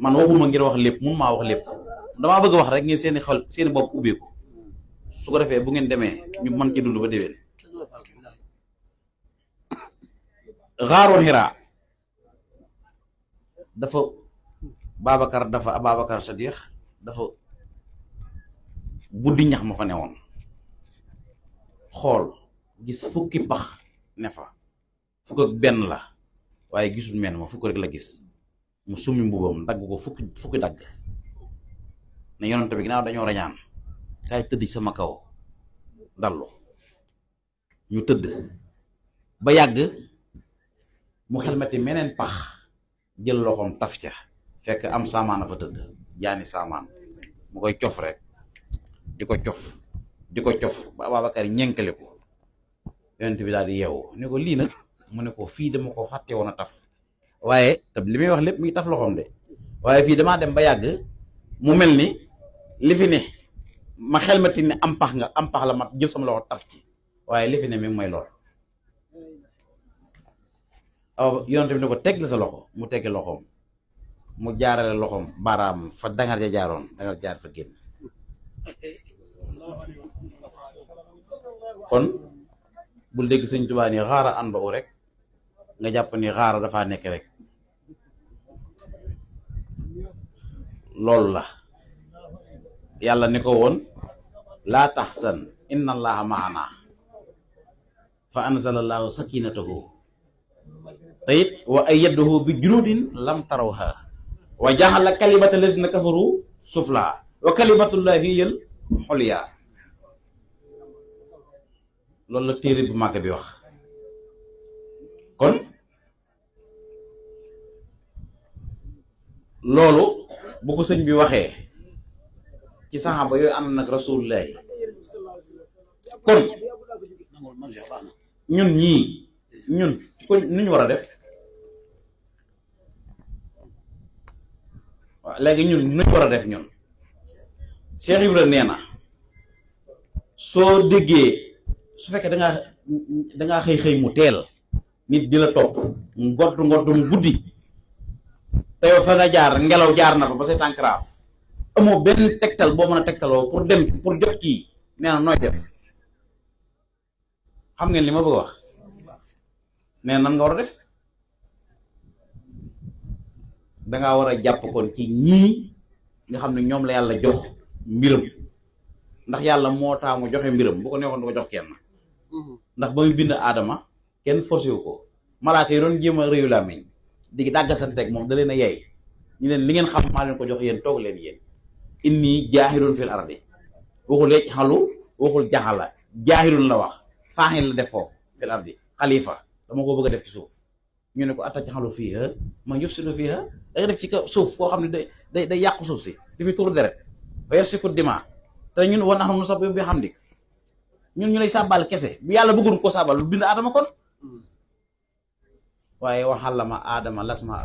man waxuma ngir wax lépp mun maa wax lépp damaa bëgg wax rek ngeen seen i xol seen bopp ubbeeku su ko defee bu ngeen demee ñu mën ci dund ba déwén. xaaru Hira dafa Babacar dafa sa Sadiq dafa buddi ñax ma fa woon xool gis fukki pax ne fa fukk ak benn la waaye gisul meen ma fukk rek la gis. mu summi mbubam dag ko fukki fukki dag ne yonent bi ginaaw dañu rañaan kay teddi sama kaw dallo, ñu tedd ba yàgg mu xelmati menen pax jël loxom taf fekk am saamaana fa tedd jani saman mu koy ciof rek diko ciof diko ciof ba Ababacar ñenkeliko ko yonent bi daal di yew ne ko li nak mu ne ko fi dama ko fatte wona taf waye te limi wax lepp mi taf loxom de waye fi dama dem ba yag mu melni ni li fi ne ma xel ne am pax nga am pax la mat jël sama loxo taf ci waye li fi ne mi moy mooy lool aw yoon tamit baram, ko tegg sa loxo mu tegg loxom mu jaarale loxom baram fa nga jaaron da nga jaar fa genn kon bul deg seigne touba ni xara an ba rek nga japp ni xara dafa nek rek Lol la Yalla niko won la tahsan inna allaha maana fa anzala allahu sakinatahu te wa ayyadahu bi jurudin lam tarawha wa ja'ala kalimata lazina kafaru sufla wa kalimatu allahi al hulya lol la tere bu màgg bi wax kon lolou bu ko señ bi waxee ci sahaba yooyu am nak rasulullah kon ñun ñi ñun kon ñu wara def waaw léegi ñun ñu wara def ñun Cheikh ibrahim neena so soo su fekkee da nga da nga xey xey mu teel nit dila top topp ngott ngott mu guddi. te fa nga jaar ngelaw jaar na fa ba say tànk amoo benn tegtal boo mën a tegtaloo pour dem pour jot kii nee na nooy def xam ngeen li ma bëgg wax nee nan nga war a def danga war a jàpp kon ci ñii nga xam ne ñoom la yàlla jox mbiram ndax yàlla moo taamu joxe mbiram bu ko neexoon du ko jox kenn mhm. ndax ba muy bind aadama kenn forcé wu ko malaaka yi doon jéem a réyu làmmiñ di rek moom da leen a yey ñu leen li ngeen xam maa leen ko jox yéen toog leen yéen inni jaahirun fil ardi waxul yeej xalu waxul jaxala jaahirun la wax faaxin la def foofu fil ardi xalifa dama ko bëgg a def ci suuf ñu ne ko attaque xalu fii ha man yufsidu fiiha da nga def ci suuf koo xam ne day day day yàqu suuf si dafay tuur deret ba yasfiku dima te ñun war na xam nu sax bi xam ni ñun ñu lay sàbbal kese bu yàlla bëggoon ko sàbbal lu bind aadama kon waaye waxal la ma aadama las ma